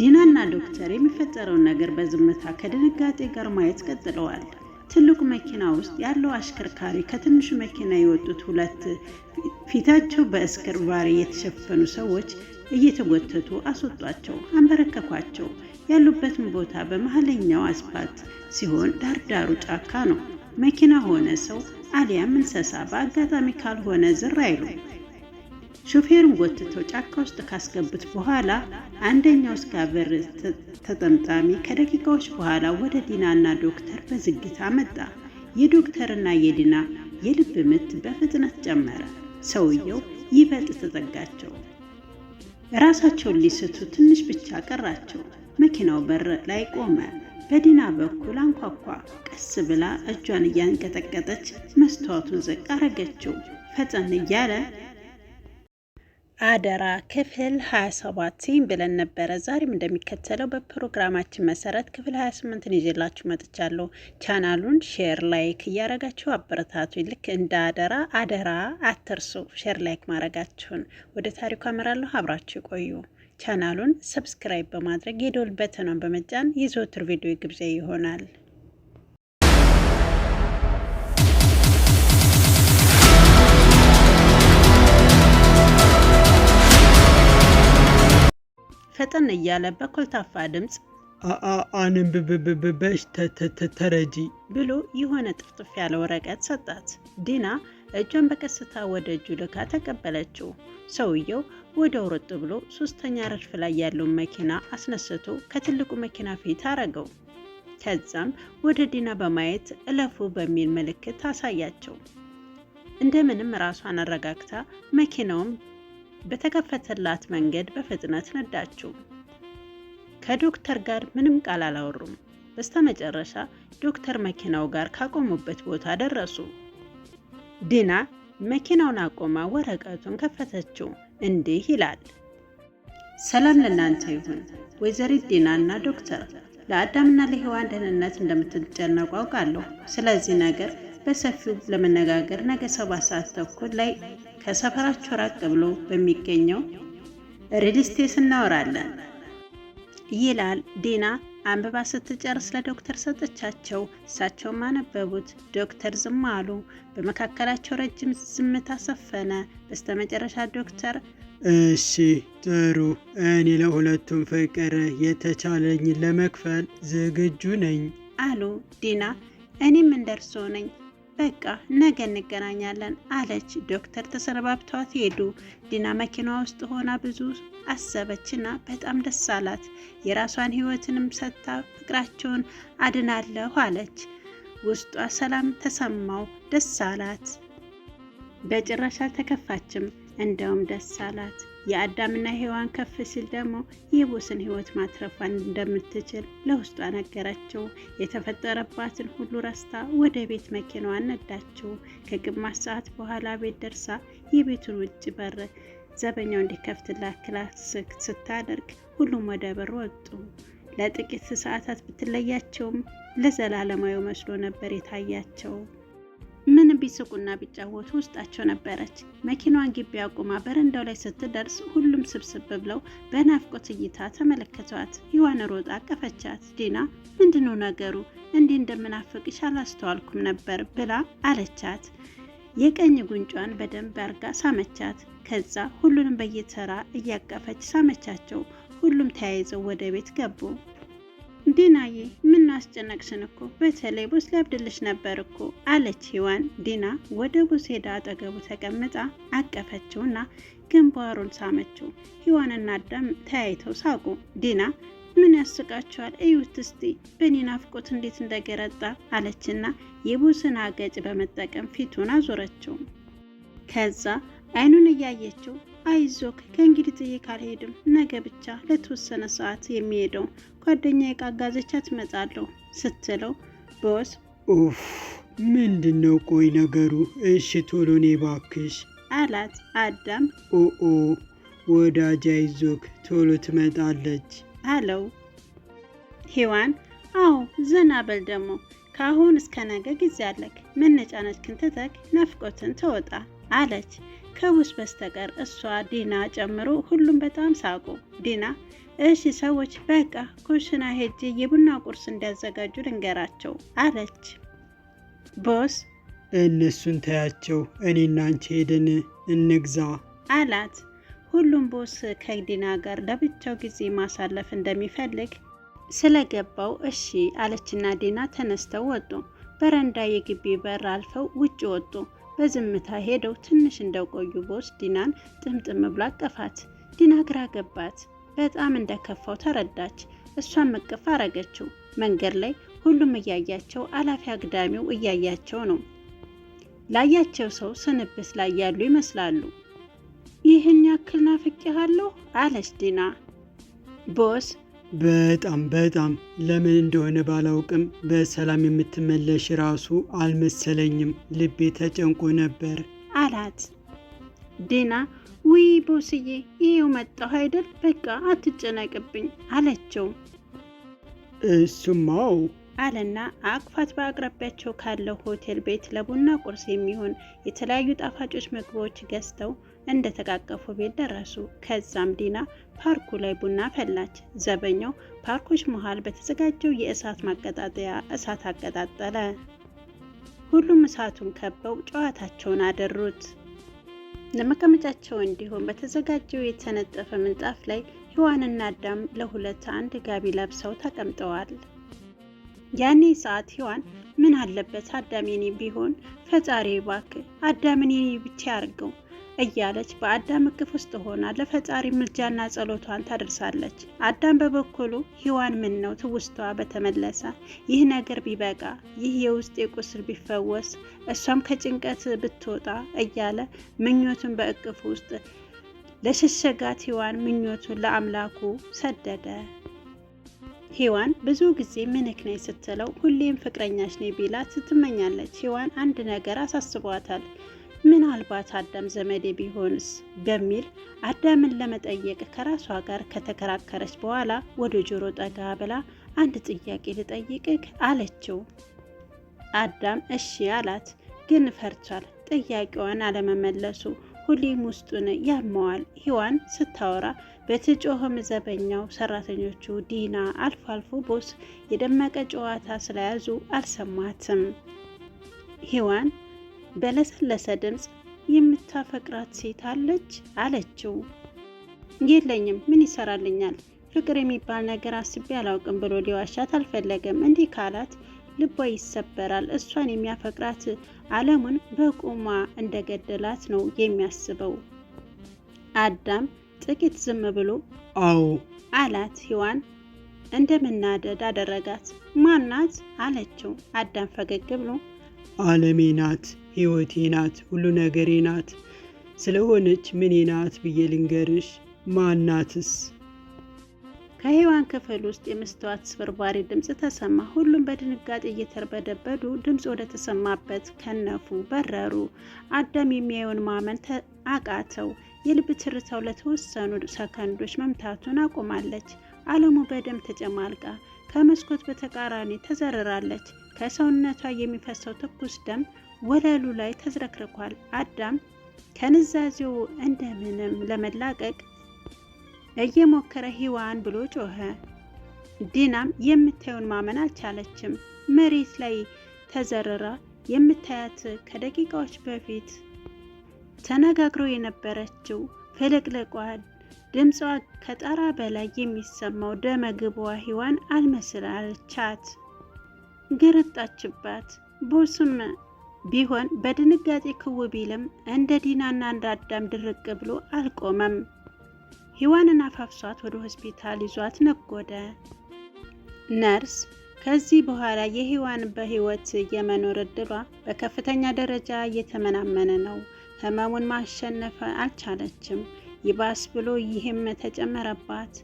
ዲናና ዶክተር የሚፈጠረውን ነገር በዝምታ ከድንጋጤ ጋር ማየት ቀጥለዋል። ትልቁ መኪና ውስጥ ያለው አሽከርካሪ ከትንሹ መኪና የወጡት ሁለት ፊታቸው በእስክርባሪ የተሸፈኑ ሰዎች እየተጎተቱ አስወጧቸው፣ አንበረከኳቸው። ያሉበትን ቦታ በመሀለኛው አስፓልት ሲሆን ዳርዳሩ ጫካ ነው። መኪና ሆነ ሰው አሊያም እንስሳ በአጋጣሚ ካልሆነ ዝር አይሉ ሾፌሩን ጎትተው ጫካ ውስጥ ካስገቡት በኋላ አንደኛው ስካቨር ተጠምጣሚ ከደቂቃዎች በኋላ ወደ ዲናና ዶክተር በዝግታ መጣ። የዶክተርና የዲና የልብ ምት በፍጥነት ጨመረ። ሰውየው ይበልጥ ተጠጋቸው። ራሳቸውን ሊስቱ ትንሽ ብቻ ቀራቸው። መኪናው በር ላይ ቆመ። በዲና በኩል አንኳኳ። ቀስ ብላ እጇን እያንቀጠቀጠች መስተዋቱን ዘቅ አረገችው። ፈጠን እያለ አደራ ክፍል 27 ብለን ነበረ። ዛሬም እንደሚከተለው በፕሮግራማችን መሰረት ክፍል 28ን ይዤላችሁ መጥቻለሁ። ቻናሉን ሼር ላይክ እያረጋችሁ አበረታቱ። ልክ እንደ አደራ አደራ አትርሱ ሼር ላይክ ማድረጋችሁን። ወደ ታሪኩ አመራለሁ። አብራችሁ ቆዩ። ቻናሉን ሰብስክራይብ በማድረግ የዶል በተኗን በመጫን የዘወትር ቪዲዮ ግብዣ ይሆናል። ፈጠን እያለ በኮልታፋ ድምፅ አንብብብበሽ ተረጂ ብሎ የሆነ ጥፍጥፍ ያለ ወረቀት ሰጣት። ዲና እጇን በቀስታ ወደ እጁ ልካ ተቀበለችው። ሰውየው ወደ ውርጥ ብሎ ሶስተኛ ረድፍ ላይ ያለውን መኪና አስነስቶ ከትልቁ መኪና ፊት አረገው። ከዛም ወደ ዲና በማየት እለፉ በሚል ምልክት አሳያቸው። እንደምንም ራሷን አረጋግታ መኪናውም በተከፈተላት መንገድ በፍጥነት ነዳችው። ከዶክተር ጋር ምንም ቃል አላወሩም። በስተመጨረሻ ዶክተር መኪናው ጋር ካቆሙበት ቦታ ደረሱ። ዲና መኪናውን አቆማ ወረቀቱን ከፈተችው። እንዲህ ይላል። ሰላም ለእናንተ ይሁን ወይዘሪት ዲና እና ዶክተር፣ ለአዳምና ለሔዋን ደህንነት እንደምትጨነቁ አውቃለሁ። ስለዚህ ነገር በሰፊው ለመነጋገር ነገ ሰባት ሰዓት ተኩል ላይ ከሰፈራቸው ራቅ ብሎ በሚገኘው ሪል እናወራለን ይላል። ዲና አንብባ ስትጨርስ ለዶክተር ሰጠቻቸው። እሳቸው አነበቡት። ዶክተር ዝም አሉ። በመካከላቸው ረጅም ዝምታ ሰፈነ። በስተመጨረሻ ዶክተር እሺ ጥሩ፣ እኔ ለሁለቱም ፍቅር የተቻለኝ ለመክፈል ዝግጁ ነኝ አሉ። ዲና እኔም እንደርሶ ነኝ በቃ ነገ እንገናኛለን አለች። ዶክተር ተሰነባብተዋት ሄዱ። ዲና መኪና ውስጥ ሆና ብዙ አሰበችና በጣም ደስ አላት። የራሷን ህይወትንም ሰጥታ ፍቅራቸውን አድናለሁ አለች። ውስጧ ሰላም ተሰማው፣ ደስ አላት። በጭራሽ አልተከፋችም። እንደውም ደስ አላት። የአዳምና ሔዋን ከፍ ሲል ደግሞ የቦስን ህይወት ማትረፏን እንደምትችል ለውስጧ ነገረችው። የተፈጠረባትን ሁሉ ረስታ ወደ ቤት መኪና አነዳችው። ከግማሽ ሰዓት በኋላ ቤት ደርሳ የቤቱን ውጭ በር ዘበኛው እንዲከፍትላት ክላስ ስታደርግ ሁሉም ወደ በር ወጡ። ለጥቂት ሰዓታት ብትለያቸውም ለዘላለማዊ መስሎ ነበር የታያቸው። ቢስቁና ቢጫወቱ ውስጣቸው ነበረች። መኪናዋን ግቢ አቁማ በረንዳው ላይ ስትደርስ ሁሉም ስብስብ ብለው በናፍቆት እይታ ተመለከቷት። ይዋን ሮጣ አቀፈቻት። ዲና ምንድነው ነገሩ? እንዲህ እንደምናፍቅሽ አላስተዋልኩም ነበር ብላ አለቻት። የቀኝ ጉንጯን በደንብ አርጋ ሳመቻት። ከዛ ሁሉንም በየተራ እያቀፈች ሳመቻቸው። ሁሉም ተያይዘው ወደ ቤት ገቡ። ዲናዬ ምን አስጨነቅሽን እኮ በተለይ ቦስ ሊያብድልሽ ነበር እኮ አለች ሔዋን። ዲና ወደ ቦስ ሄዳ አጠገቡ ተቀምጣ አቀፈችውና ግንባሩን ሳመችው። ሔዋንና አዳም ተያይተው ሳቁ። ዲና ምን ያስቃቸዋል? እዩት እስቲ በእኔ ናፍቆት እንዴት እንደገረጣ አለችና የቦስን አገጭ በመጠቀም ፊቱን አዞረችው። ከዛ አይኑን እያየችው አይዞክ ከእንግዲህ ጥይቅ ካልሄድም ነገ ብቻ ለተወሰነ ሰዓት የሚሄደው ጓደኛ የቃጋዘቻ ትመጣለሁ ስትለው ቦስ ኡፍ ምንድን ነው ቆይ ነገሩ? እሺ ቶሎ ኔ ባክሽ አላት። አዳም ኦኦ ወዳጅ አይዞክ ቶሎ ትመጣለች አለው። ሄዋን አዎ ዘና በል ደግሞ ከአሁን እስከ ነገ ጊዜ አለክ መነጫነጭ ክንትተክ ነፍቆትን ተወጣ አለች። ከሙስ በስተቀር እሷ ዲና ጨምሮ ሁሉም በጣም ሳቁ። ዲና እሺ ሰዎች በቃ ኩሽና ሄጂ የቡና ቁርስ እንዲያዘጋጁ ልንገራቸው አለች። ቦስ እነሱን ታያቸው፣ እኔና አንቺ ሄደን እንግዛ አላት። ሁሉም ቦስ ከዲና ጋር ለብቻው ጊዜ ማሳለፍ እንደሚፈልግ ስለገባው እሺ አለችና ዲና ተነስተው ወጡ። በረንዳ የግቢ በር አልፈው ውጭ ወጡ። በዝምታ ሄደው ትንሽ እንደቆዩ ቦስ ዲናን ጥምጥም ብላ አቀፋት። ዲና ግራ ገባት። በጣም እንደከፋው ተረዳች። እሷን መቀፍ አረገችው። መንገድ ላይ ሁሉም እያያቸው፣ አላፊ አግዳሚው እያያቸው ነው። ላያቸው ሰው ስንብስ ላይ ያሉ ይመስላሉ። ይህን ያክል ናፍቄሃለሁ አለች ዲና። ቦስ በጣም በጣም ለምን እንደሆነ ባላውቅም በሰላም የምትመለሽ ራሱ አልመሰለኝም። ልቤ ተጨንቆ ነበር አላት። ዲና ውይ ቦስዬ፣ ይሄው መጣሁ አይደል፣ በቃ አትጨነቅብኝ አለችው። እሱማው አለና አቅፋት በአቅራቢያቸው ካለው ሆቴል ቤት ለቡና ቁርስ የሚሆን የተለያዩ ጣፋጮች ምግቦች ገዝተው እንደተቃቀፉ ቤት ደረሱ። ከዛም ዲና ፓርኩ ላይ ቡና ፈላች። ዘበኛው ፓርኮች መሃል በተዘጋጀው የእሳት ማቀጣጠያ እሳት አቀጣጠለ። ሁሉም እሳቱን ከበው ጨዋታቸውን አደሩት። ለመቀመጫቸው እንዲሁም በተዘጋጀው የተነጠፈ ምንጣፍ ላይ ሔዋንና አዳም ለሁለት አንድ ጋቢ ለብሰው ተቀምጠዋል። ያኔ ሰዓት ሔዋን ምን አለበት አዳም የኔ ቢሆን፣ ፈጣሪ ባክ አዳምን የኔ ብቻ ያርገው እያለች በአዳም እቅፍ ውስጥ ሆና ለፈጣሪ ምልጃና ጸሎቷን ታደርሳለች። አዳም በበኩሉ ሔዋን ምን ነው ትውስቷ በተመለሰ ይህ ነገር ቢበቃ፣ ይህ የውስጤ ቁስል ቢፈወስ፣ እሷም ከጭንቀት ብትወጣ እያለ ምኞቱን በእቅፍ ውስጥ ለሸሸጋት ሔዋን ምኞቱን ለአምላኩ ሰደደ። ሔዋን ብዙ ጊዜ ምንክ ነኝ ስትለው ሁሌም ፍቅረኛሽ ነኝ ቢላት ትመኛለች። ሔዋን አንድ ነገር አሳስቧታል። ምናልባት አዳም ዘመዴ ቢሆንስ በሚል አዳምን ለመጠየቅ ከራሷ ጋር ከተከራከረች በኋላ ወደ ጆሮ ጠጋ ብላ አንድ ጥያቄ ልጠይቅህ አለችው። አዳም እሺ አላት፣ ግን ፈርቷል። ጥያቄዋን አለመመለሱ ሁሌም ውስጡን ያመዋል። ሂዋን ስታወራ በትጮህም ዘበኛው ሰራተኞቹ ዲና፣ አልፎ አልፎ ቦስ የደመቀ ጨዋታ ስለያዙ አልሰማትም ሔዋን በለሰለሰ ድምፅ የምታፈቅራት ሴት አለች አለችው። የለኝም ምን ይሰራልኛል፣ ፍቅር የሚባል ነገር አስቤ አላውቅም ብሎ ሊዋሻት አልፈለገም። እንዲህ ካላት ልቧ ይሰበራል። እሷን የሚያፈቅራት አለሙን በቁሟ እንደገደላት ነው የሚያስበው። አዳም ጥቂት ዝም ብሎ አዎ አላት። ሔዋን እንደምናደድ አደረጋት። ማናት አለችው። አዳም ፈገግ ብሎ አለሜ ናት ሕይወቴ ናት፣ ሁሉ ነገሬ ናት ስለሆነች ምኔ ናት ብዬ ልንገርሽ? ማናትስ? ከሔዋን ክፍል ውስጥ የመስተዋት ስብርባሪ ድምፅ ተሰማ። ሁሉም በድንጋጤ እየተርበደበዱ ድምፅ ወደ ተሰማበት ከነፉ፣ በረሩ። አዳም የሚያየውን ማመን አቃተው። የልብ ትርታው ለተወሰኑ ሰከንዶች መምታቱን አቁማለች። አለሙ በደም ተጨማልቃ ከመስኮት በተቃራኒ ተዘርራለች። ከሰውነቷ የሚፈሰው ትኩስ ደም ወለሉ ላይ ተዝረክርኳል። አዳም ከንዛዜው እንደምንም ለመላቀቅ እየሞከረ ሂዋን ብሎ ጮኸ። ዲናም የምታየውን ማመን አልቻለችም። መሬት ላይ ተዘርራ የምታያት ከደቂቃዎች በፊት ተነጋግሮ የነበረችው ፍልቅልቋ ድምጿ ከጣራ በላይ የሚሰማው ደመግቧ ሂዋን አልመስል አለቻት። ገረጣችባት ቢሆን በድንጋጤ ክው ቢልም እንደ ዲናና እንደ አዳም ድርቅ ብሎ አልቆመም። ሔዋንን አፋፍሷት ወደ ሆስፒታል ይዟት ነጎደ። ነርስ ከዚህ በኋላ የሔዋን በህይወት የመኖር እድሏ በከፍተኛ ደረጃ እየተመናመነ ነው። ህመሙን ማሸነፍ አልቻለችም። ይባስ ብሎ ይህም ተጨመረባት።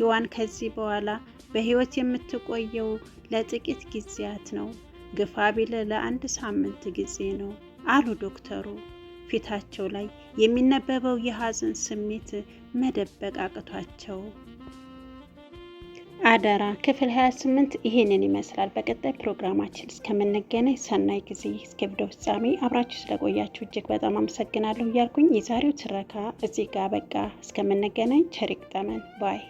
ሔዋን ከዚህ በኋላ በህይወት የምትቆየው ለጥቂት ጊዜያት ነው። ግፋ ቢለ ለአንድ ሳምንት ጊዜ ነው አሉ ዶክተሩ። ፊታቸው ላይ የሚነበበው የሐዘን ስሜት መደበቅ አቅቷቸው አደራ ክፍል 28 ይህንን ይመስላል። በቀጣይ ፕሮግራማችን እስከምንገናኝ ሰናይ ጊዜ። እስከ ቪዲዮ ፍጻሜ አብራችሁ ስለቆያችሁ እጅግ በጣም አመሰግናለሁ እያልኩኝ የዛሬው ትረካ እዚህ ጋር በቃ። እስከምንገናኝ ቸር ይግጠመን ባይ